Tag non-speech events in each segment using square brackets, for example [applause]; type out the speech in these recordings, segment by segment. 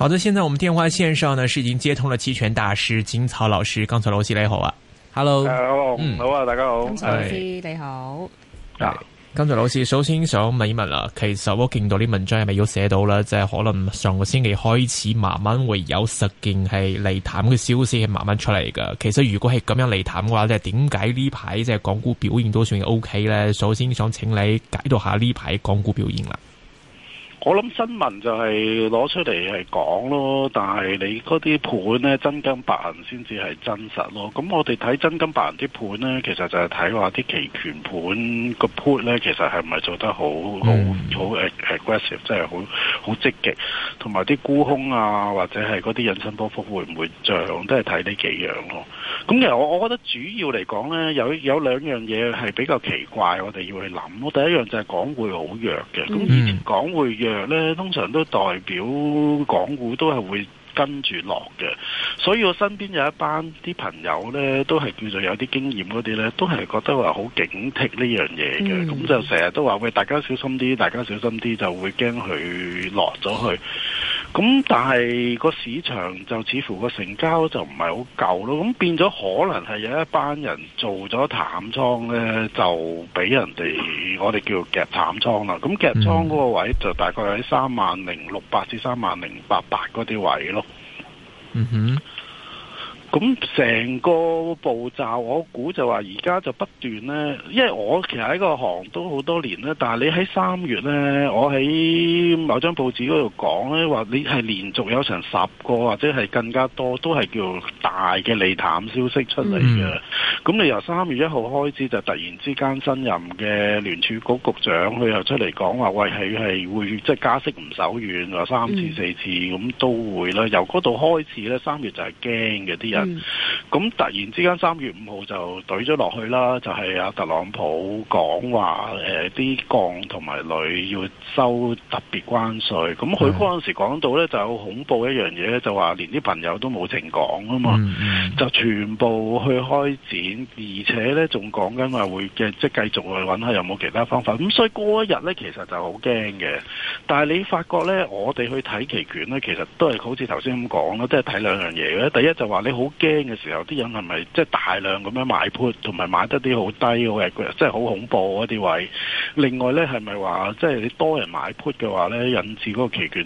好的，現在我們電話線上呢是已經接通了期權大師金曹老師，金曹老師你好啊，Hello，hello Hello, 嗯，好啊，大家好，金曹老師 hey, 你好。啊，金曹老師，首先想問一問啦，其實我見到啲文章係咪要寫到啦？即係可能上個星期開始慢慢會有實件係利淡嘅消息係慢慢出嚟噶。其實如果係咁樣利淡嘅話，即係點解呢排即係港股表現都算 OK 咧？首先想請你解讀下呢排港股表現啦。我諗新聞就係攞出嚟係講咯，但係你嗰啲盤咧真金白銀先至係真實咯。咁我哋睇真金白銀啲盤咧，其實就係睇話啲期權盤個 put 咧，其實係咪做得、嗯、好好好 aggressive，即係好好積極，同埋啲沽空啊，或者係嗰啲引伸波幅會唔會漲，都係睇呢幾樣咯。咁其實我我覺得主要嚟講咧，有有兩樣嘢係比較奇怪，我哋要去諗咯。第一樣就係港匯好弱嘅，咁以前港匯弱咧，通常都代表港股都係會跟住落嘅。所以我身邊有一班啲朋友咧，都係叫做有啲經驗嗰啲咧，都係覺得話好警惕呢樣嘢嘅。咁、嗯、就成日都話喂，大家小心啲，大家小心啲，就會驚佢落咗去。咁但係個市場就似乎個成交就唔係好夠咯，咁變咗可能係有一班人做咗淡倉呢，就俾人哋我哋叫夾淡倉啦。咁夾倉嗰個位就大概喺三萬零六百至三萬零八百嗰啲位咯。嗯哼。咁成個步驟，我估就話而家就不斷呢。因為我其實喺個行都好多年啦。但係你喺三月呢，我喺某張報紙嗰度講呢，話你係連續有成十個或者係更加多，都係叫大嘅利淡消息出嚟嘅。咁、嗯、你由三月一號開始就突然之間新任嘅聯儲局局長，佢又出嚟講話，喂，佢係會即係、就是、加息唔手軟，三次四次咁都會啦。由嗰度開始呢，三月就係驚嘅啲人。咁、嗯、突然之間三月五號就懟咗落去啦，就係、是、阿特朗普講話啲鋼同埋鋁要收特別關稅。咁佢嗰陣時講到咧，就好恐怖一樣嘢咧，就話連啲朋友都冇情講啊嘛，嗯、就全部去開展，而且咧仲講緊話會嘅即繼續去揾下有冇其他方法。咁所以過一日咧，其實就好驚嘅。但係你發覺咧，我哋去睇期權咧，其實都係好似頭先咁講啦，即係睇兩樣嘢嘅。第一就話你好。驚嘅時候，啲人係咪即係大量咁樣買 put，同埋買得啲好低嘅，即係好恐怖嗰啲位。另外咧，係咪話即係你多人買 put 嘅話咧，引致嗰個期權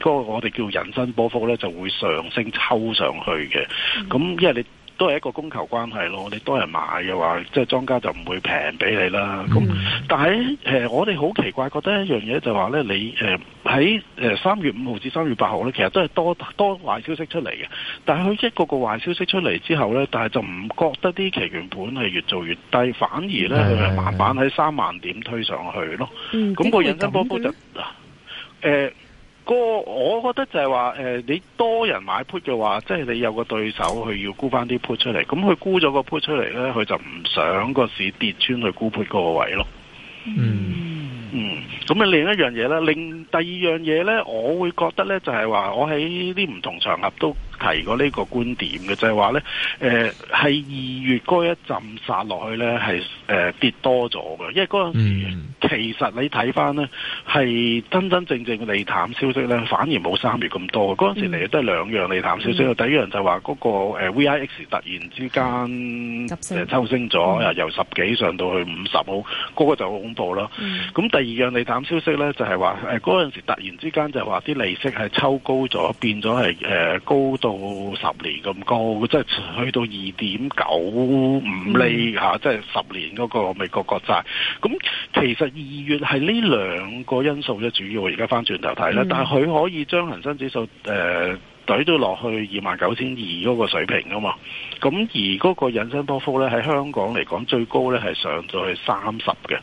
嗰個我哋叫引伸波幅咧，就會上升抽上去嘅。咁因為你。都係一個供求關係咯，你多人買嘅話，即係莊家就唔會平俾你啦。咁但係、呃、我哋好奇怪，覺得一樣嘢就話、係、咧，你喺誒三月五號至三月八號咧，其實都係多多壞消息出嚟嘅。但係佢一個個壞消息出嚟之後咧，但係就唔覺得啲期權盤係越做越低，反而咧佢係慢慢喺三萬點推上去咯。咁個引伸波幅就個我覺得就係話、呃、你多人買 put 嘅話，即係你有個對手去要沽翻啲 put 出嚟，咁佢沽咗個 put 出嚟呢，佢就唔想個市跌穿去沽 put 嗰個位咯。嗯嗯，咁啊、嗯、另一樣嘢啦，另第二樣嘢呢，我會覺得呢，就係話，我喺呢啲唔同場合都。提過呢個觀點嘅，就係話咧，誒係二月嗰一陣殺落去咧，係誒、呃、跌多咗嘅。因為嗰陣時、嗯、其實你睇翻咧，係真真正正利淡消息咧，反而冇三月咁多。嗰陣時嚟都係兩樣利淡消息。嗯、第一樣就話個個 VIX 突然之間誒四、呃、抽升咗，由、嗯、由十幾上到去五十，好、那、嗰個就好恐怖啦。咁、嗯、第二樣利淡消息咧，就係話誒嗰陣時突然之間就話啲利息係抽高咗，變咗係誒高度。到十年咁高，即係去到二點九五厘吓、嗯啊，即係十年嗰個美國國債。咁其實二月係呢兩個因素咧主要，而家翻轉頭睇啦，嗯、但係佢可以將恒生指數誒。呃水都落去二萬九千二嗰個水平啊嘛，咁而嗰個引伸波幅咧喺香港嚟講最高咧係上咗去三十嘅，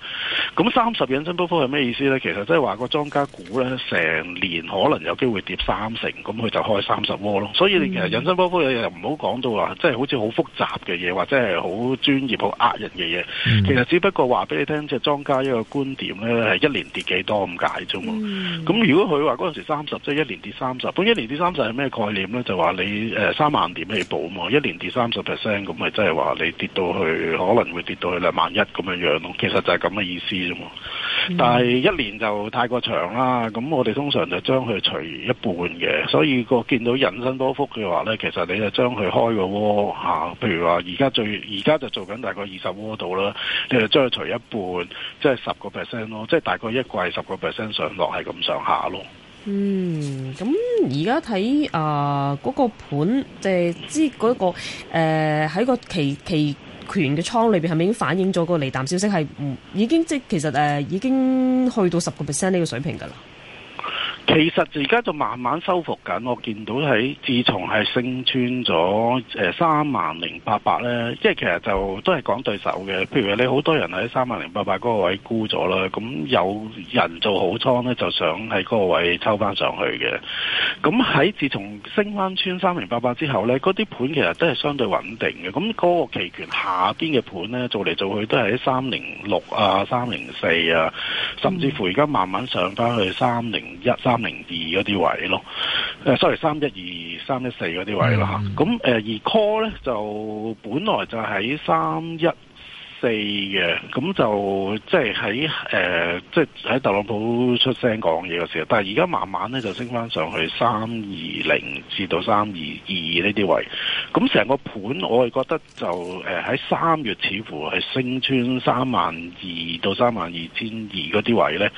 咁三十引伸波幅係咩意思咧？其實即係話個莊家估咧，成年可能有機會跌三成，咁佢就開三十窩咯。所以你其實引伸波幅你又唔好講到話，即係好似好複雜嘅嘢，或者係好專業好呃人嘅嘢。Mm hmm. 其實只不過話俾你聽，即係莊家一個觀點咧係一年跌幾多咁解啫嘛。咁、mm hmm. 如果佢話嗰陣時三十，即係一年跌三十，咁一年跌三十係咩？概念咧就話你誒三、呃、萬點起步嘛，一年跌三十 percent 咁咪即係話你跌到去可能會跌到去兩萬一咁嘅樣咯，其實就係咁嘅意思啫嘛。但係一年就太過長啦，咁我哋通常就將佢除一半嘅，所以個見到引伸波幅嘅話呢，其實你就將佢開個窩嚇、啊，譬如話而家最而家就做緊大概二十窩度啦，你就將佢除一半，即係十個 percent 咯，即、就、係、是、大概一季十個 percent 上落係咁、就是、上下咯。嗯，咁而家睇啊個盤，即係知嗰個誒喺、呃、個期期權嘅倉裏邊，係咪已經反映咗個利淡消息？係唔已經即係其實誒、呃、已經去到十個 percent 呢個水平噶啦。其實而家就慢慢收復緊，我見到喺自從係升穿咗三萬零八百咧，即、呃、係其實就都係講對手嘅。譬如你好多人喺三萬零八百嗰個位沽咗啦，咁有人做好倉咧，就想喺嗰個位抽翻上去嘅。咁喺自從升翻穿三零八八之後咧，嗰啲盤其實都係相對穩定嘅。咁、那、嗰個期權下邊嘅盤咧，做嚟做去都係喺三零六啊、三零四啊，甚至乎而家慢慢上翻去三零一三。零二嗰啲位咯，誒、呃，sorry，三一二、三一四嗰啲位啦，咁誒、呃，而 call 咧就本來就喺三一。四嘅，咁就即係喺誒、即係喺特朗普出聲講嘢嘅時候。但係而家慢慢咧就升翻上去三二零至到三二二呢啲位。咁成個盤我係覺得就誒，喺三月似乎係升穿三萬二到三萬二千二嗰啲位咧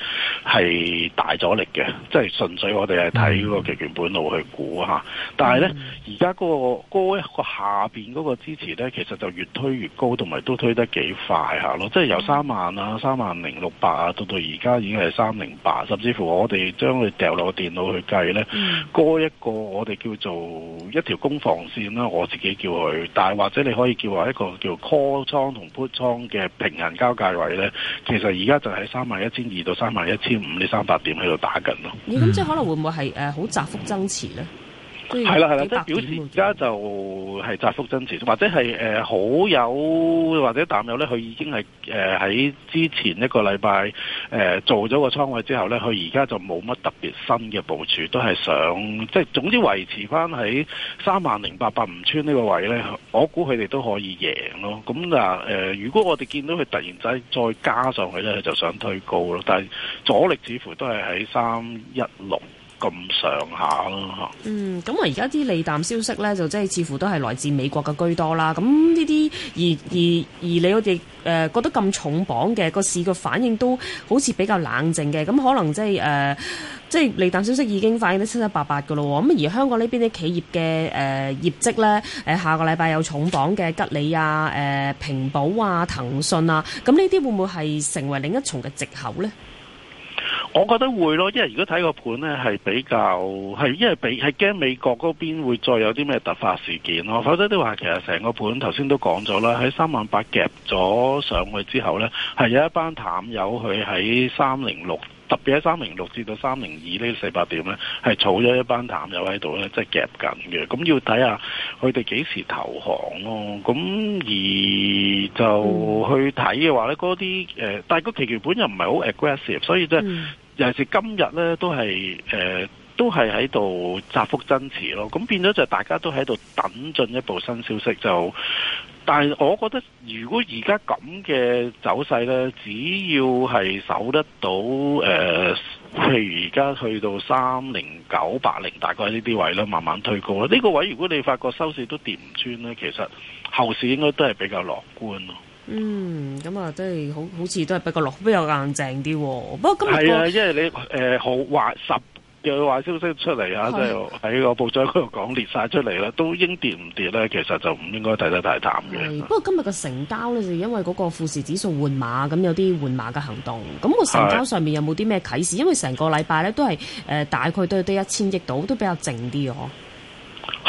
係大阻力嘅，即係純粹我哋係睇個極權盤路去估吓，嗯、但係咧而家嗰個嗰一、嗰個下邊嗰個支持咧，其實就越推越高，同埋都推得幾。要快下咯，即係由三萬啊，三萬零六百啊，到到而家已經係三零八，甚至乎我哋將佢掉落個電腦去計呢。嗰一個我哋叫做一條攻防線啦，我自己叫佢，但係或者你可以叫話一個叫 call 倉同 put 倉嘅平衡交界位呢。其實而家就喺三萬一千二到三萬一千五呢三百點喺度打緊咯。咁、嗯啊、即係可能會唔會係誒好窄幅爭持？呢係啦，係啦，即係表示而家就係窄幅增持，或者係誒、呃、好友或者淡友咧，佢已經係誒喺之前一個禮拜誒做咗個倉位之後咧，佢而家就冇乜特別新嘅部署，都係想即係總之維持翻喺三萬零八百五唔穿呢個位咧。我估佢哋都可以贏咯。咁嗱、呃、如果我哋見到佢突然間再加上去咧，就想推高咯。但係阻力似乎都係喺三一六。咁上下咯，嗯，咁我而家啲利淡消息呢，就即係似乎都係來自美國嘅居多啦。咁呢啲而而而你嗰啲誒覺得咁重磅嘅個市嘅反應都好似比較冷靜嘅，咁可能即係誒，即、呃、係、就是、利淡消息已經反映得七七八八噶咯。咁而香港呢邊啲企業嘅誒、呃、業績呢誒、呃、下個禮拜有重磅嘅吉利啊，誒、呃、平保啊，騰訊啊，咁呢啲會唔會係成為另一重嘅藉口呢？我覺得會咯，因為如果睇個盤咧係比較係，因為係驚美國嗰邊會再有啲咩突發事件咯。否則都話其實成個盤頭先都講咗啦，喺三萬八夾咗上去之後咧，係有一班淡友佢喺三零六，特別喺三零六至到三零二呢四百點咧，係儲咗一班淡友喺度咧，即係夾緊嘅。咁要睇下佢哋幾時投降咯。咁而就去睇嘅話咧，嗰啲誒，但係個期權盤又唔係好 aggressive，所以即尤其是今日咧，都係誒、呃，都係喺度窄幅增持咯。咁變咗就大家都喺度等進一步新消息就。就但係，我覺得如果而家咁嘅走勢咧，只要係守得到誒，呃，譬如而家去到三零九八零，大概呢啲位啦，慢慢推高咧。呢個位如果你發覺收市都跌唔穿咧，其實後市應該都係比較樂觀咯。嗯，咁啊即係好好似都係比較落，比較硬淨啲。不過今日係啊，因為你誒、呃、好壞十嘅壞消息出嚟啊，即係喺個報章嗰度講跌晒出嚟咧，都應該跌唔跌咧，其實就唔應該睇得太淡嘅、啊。不過今日嘅成交咧就是、因為嗰個富時指數換馬，咁有啲換馬嘅行動，咁、那個成交上面有冇啲咩啟示？啊、因為成個禮拜咧都係誒、呃、大概都係得一千億度，都比較靜啲嘅。嗯。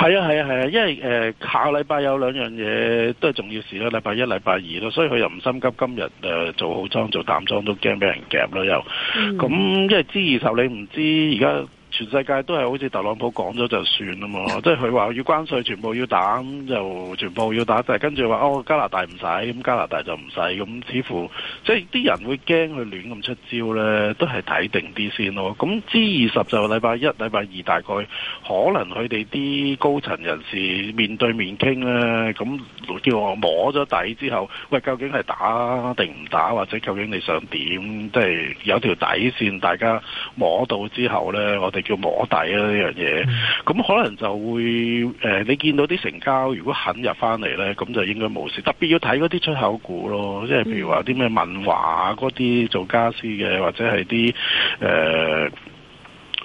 係啊係啊係啊，啊，因為誒、呃、下禮拜有兩樣嘢都係重要事啦，禮拜一、禮拜二咯，所以佢又唔心急今，今日誒做好裝，做淡裝，都驚俾人夾啦又，咁、嗯、因為知二受你唔知而家。全世界都係好似特朗普講咗就算啊嘛，即係佢話要關稅全部要打，就全部要打，就係跟住話哦加拿大唔使，咁加拿大就唔使，咁似乎即係啲人會驚佢亂咁出招咧，都係睇定啲先咯。咁 G20 就禮拜一、禮拜二大概可能佢哋啲高層人士面對面傾咧，咁叫我摸咗底之後，喂，究竟係打定唔打，或者究竟你想點，即係有條底線，大家摸到之後咧，我哋。叫摸底啊，呢樣嘢，咁、嗯、可能就會誒、呃。你見到啲成交如果肯入翻嚟，咧，咁就應該冇事。特別要睇嗰啲出口股咯，即係譬如話啲咩文華啊嗰啲做家私嘅，或者係啲誒。呃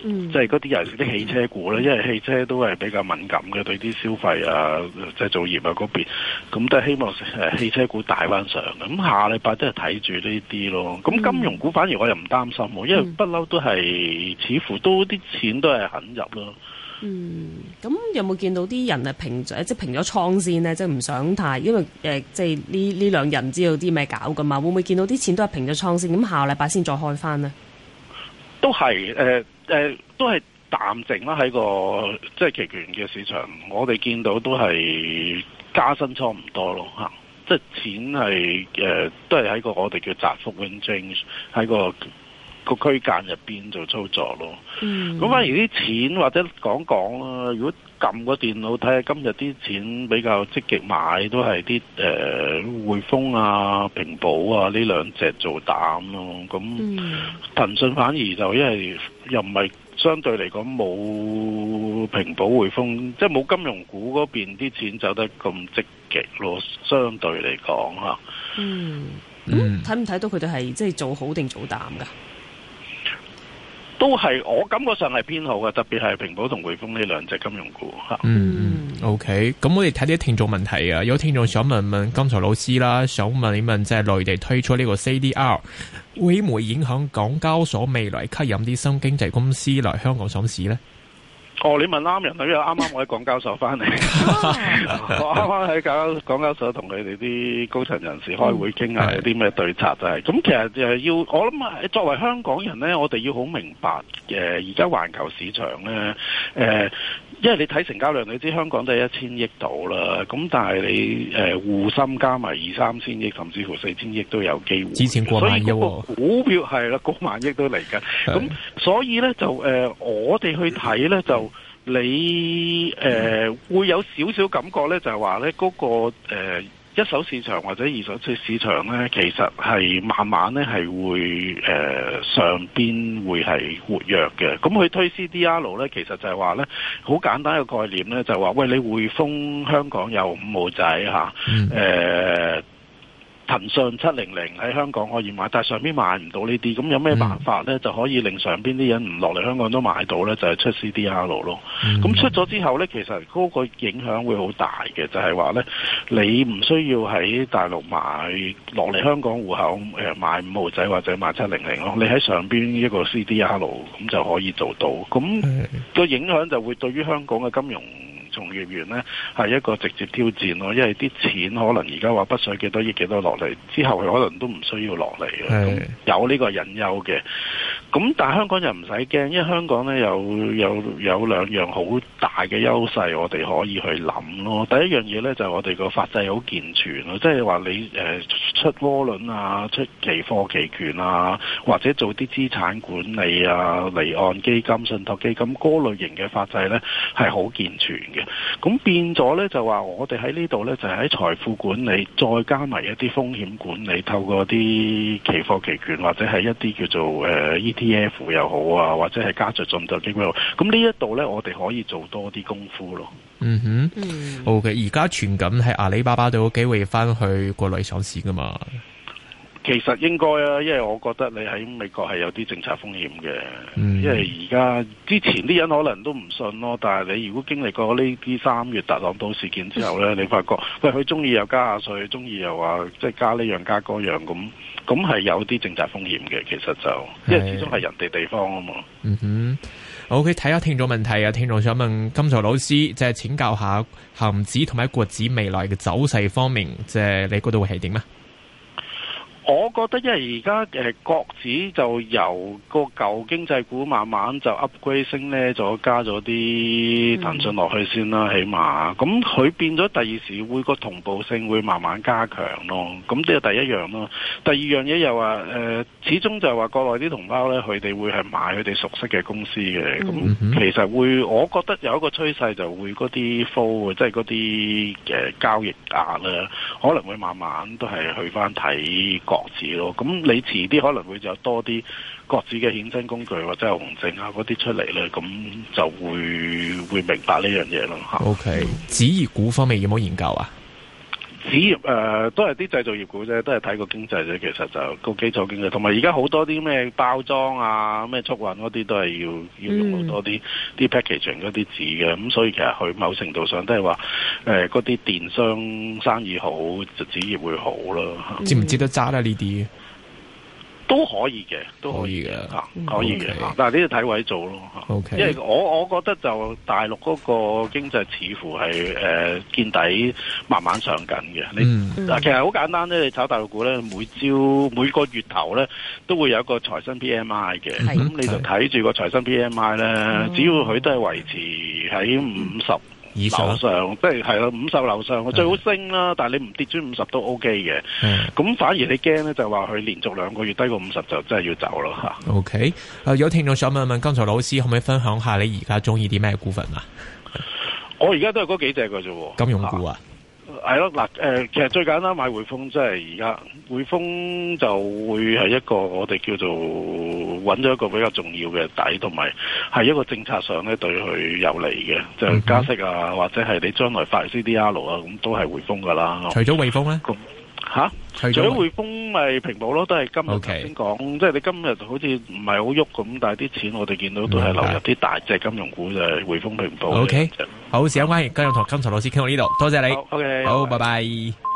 即係嗰啲又係啲汽車股咧，因為汽車都係比較敏感嘅對啲消費啊、製、就是、造業啊嗰邊，咁都希望誒汽車股大翻上。咁下禮拜都係睇住呢啲咯。咁金融股反而我又唔擔心喎，因為不嬲都係似乎都啲錢都係肯入咯。嗯，咁、嗯、有冇見到啲人啊平咗即係平咗倉先呢，即係唔想太，因為誒即係呢呢兩日唔知道啲咩搞噶嘛？會唔會見到啲錢都係平咗倉先？咁下禮拜先再開翻呢。都係誒誒，都係淡靜啦，喺個即係期權嘅市場，我哋見到都係加新倉唔多咯嚇。即、啊、係、就是、錢係誒、呃、都係喺個我哋叫窄幅整喺個個區間入邊做操作咯。嗯，咁反而啲錢或者講講啦，如果。撳個電腦睇下，今日啲錢比較積極買都係啲誒匯豐啊、平保啊，呢兩隻做膽咯、啊、咁、嗯、騰訊反而就因為又唔係相對嚟講冇平保匯豐，即係冇金融股嗰邊啲錢走得咁積極咯、啊，相對嚟講嚇。嗯，睇唔睇到佢哋係即係做好定做膽㗎？嗯都係我感覺上係偏好嘅，特別係平保同匯豐呢兩隻金融股吓。嗯,嗯，OK，咁我哋睇啲聽眾問題啊，有聽眾想問一問，金曹老師啦，想問一問，即係內地推出呢個 CDR，會唔會影響港交所未來吸引啲新經濟公司來香港上市呢？我、哦、你問啱人啦，啱啱我喺港交所翻嚟， [laughs] 我啱啱喺港交所同佢哋啲高層人士開會傾下啲咩對策，就係咁，其實就要我諗啊，作為香港人咧，我哋要好明白嘅。而、呃、家環球市場咧，誒、呃，因為你睇成交量，你知香港都得一千億度啦。咁但係你誒，滬、呃、深加埋二三千億，甚至乎四千億都有機會。之前過萬億喎，股票係啦，過、哦、萬億都嚟㗎。咁的、嗯、所以咧，就誒、呃，我哋去睇咧，就你誒、呃、會有少少感覺咧，就係話咧，嗰個、呃、一手市場或者二手市市場咧，其實係慢慢咧係會誒、呃、上邊會係活躍嘅。咁佢推 C D L 咧，其實就係話咧，好簡單嘅概念咧，就係、是、話喂，你匯豐香港有五毛仔嚇、啊嗯呃騰訊七零零喺香港可以買，但係上邊買唔到呢啲，咁有咩辦法呢？就可以令上邊啲人唔落嚟香港都買到呢，就係、是、出 CDR 咯。咁、嗯、出咗之後呢，其實嗰個影響會好大嘅，就係、是、話呢，你唔需要喺大陸買落嚟香港戶口買五號仔或者買七零零咯，你喺上邊一個 CDR 咁就可以做到。咁、那個影響就會對於香港嘅金融。同業員呢係一個直接挑戰咯，因為啲錢可能而家話不水幾多億幾多落嚟，之後可能都唔需要落嚟嘅，的有呢個隱憂嘅。咁但香港人唔使驚，因為香港咧有有有兩樣好大嘅優勢，我哋可以去諗咯。第一樣嘢咧就係、我哋個法制好健全咯，即係話你、呃、出窩輪啊，出期貨期權啊，或者做啲資產管理啊、離岸基金、信託基金嗰類型嘅法制咧係好健全嘅。咁變咗咧就話我哋喺呢度咧就喺、係、財富管理，再加埋一啲風險管理，透過啲期貨期權或者係一啲叫做誒呢啲。呃 E.F. 又好啊，或者係加着稅仲就幾好，咁呢一度呢，我哋可以做多啲功夫咯。嗯哼，嗯，好嘅。而家傳緊係阿里巴巴都有機會翻去國內上市噶嘛？其實應該啊，因為我覺得你喺美國係有啲政策風險嘅。Mm. 因為而家之前啲人可能都唔信咯，但係你如果經歷過呢啲三月特朗普事件之後呢， [laughs] 你發覺喂，佢中意又加下稅，中意又話即係加呢樣加嗰樣咁。咁係有啲政策風險嘅，其實就，因為始終係人哋地方啊嘛。嗯哼，OK，睇下聽眾問題啊，聽眾想問金曹老師，即係請教下恒指同埋國指未來嘅走勢方面，即係你覺得會係點啊？我覺得因為而家誒國指就由個舊經濟股慢慢就 upgrade 升咧，就加咗啲騰訊落去先啦，嗯、哼起碼咁佢變咗第二時會個同步性會慢慢加強咯。咁呢個第一樣咯，第二樣嘢又話誒、呃，始終就係話國內啲同胞咧，佢哋會係買佢哋熟悉嘅公司嘅。咁、嗯、哼其實會，我覺得有一個趨勢就會嗰啲 flow 即係嗰啲交易額咧，可能會慢慢都係去翻睇。國指咯，咁你遲啲可能會有多啲國指嘅衍生工具或者係紅證啊嗰啲出嚟，咧，咁就會會明白呢樣嘢咯嚇。OK，指業股方面有冇研究啊？紙業誒、呃、都係啲製造業股啫，都係睇個經濟啫。其實就個基礎經濟，同埋而家好多啲咩包裝啊、咩速運嗰啲，都係要要用好多啲啲 packaging 嗰啲紙嘅。咁、嗯、所以其實佢某程度上都係話誒，嗰、呃、啲電商生意好，就紙業會好囉。嗯、接唔接得揸呀？呢啲？都可以嘅，都可以嘅可以嘅、啊 Okay.。但係呢度睇位做咯，Okay. 因為我我覺得就大陸嗰個經濟似乎係誒、呃、見底慢慢上緊嘅。你嗱、嗯、其實好簡單咧，你炒大陸股咧，每朝每個月頭咧都會有一個財新 PMI 嘅，咁是你就睇住個財新 PMI 咧，是只要佢都係維持喺五十。樓上，上，即係係啦，五十樓上最好升啦。嗯、但係你唔跌穿五十都 OK 嘅。咁、嗯、反而你驚咧，就話、是、佢連續兩個月低過五十，就真係要走咯吓。啊、OK，誒、呃，有聽眾想問問，剛才老師可唔可以分享一下你而家中意啲咩股份啊？我現在而家都係嗰幾隻嘅，啫喎，金融股啊。啊係咯，嗱，誒，其實最簡單買匯豐是現在，即係而家匯豐就會係一個我哋叫做揾咗一個比較重要嘅底，同埋係一個政策上咧對佢有利嘅，就加息啊，或者係你將來發 CDR 啊，咁都係匯豐㗎啦。除咗匯豐咧？咁。吓，啊、除咗匯豐咪平保咯，都係今日頭先講，Okay. 即係你今日好似唔係好喐咁，但係啲錢我哋見到都係流入啲大隻金融股就係匯豐平保。O Okay . K，就好時間關係，今日同金曹老師傾到呢度，多謝你。o K，好，okay, 好拜拜。拜拜。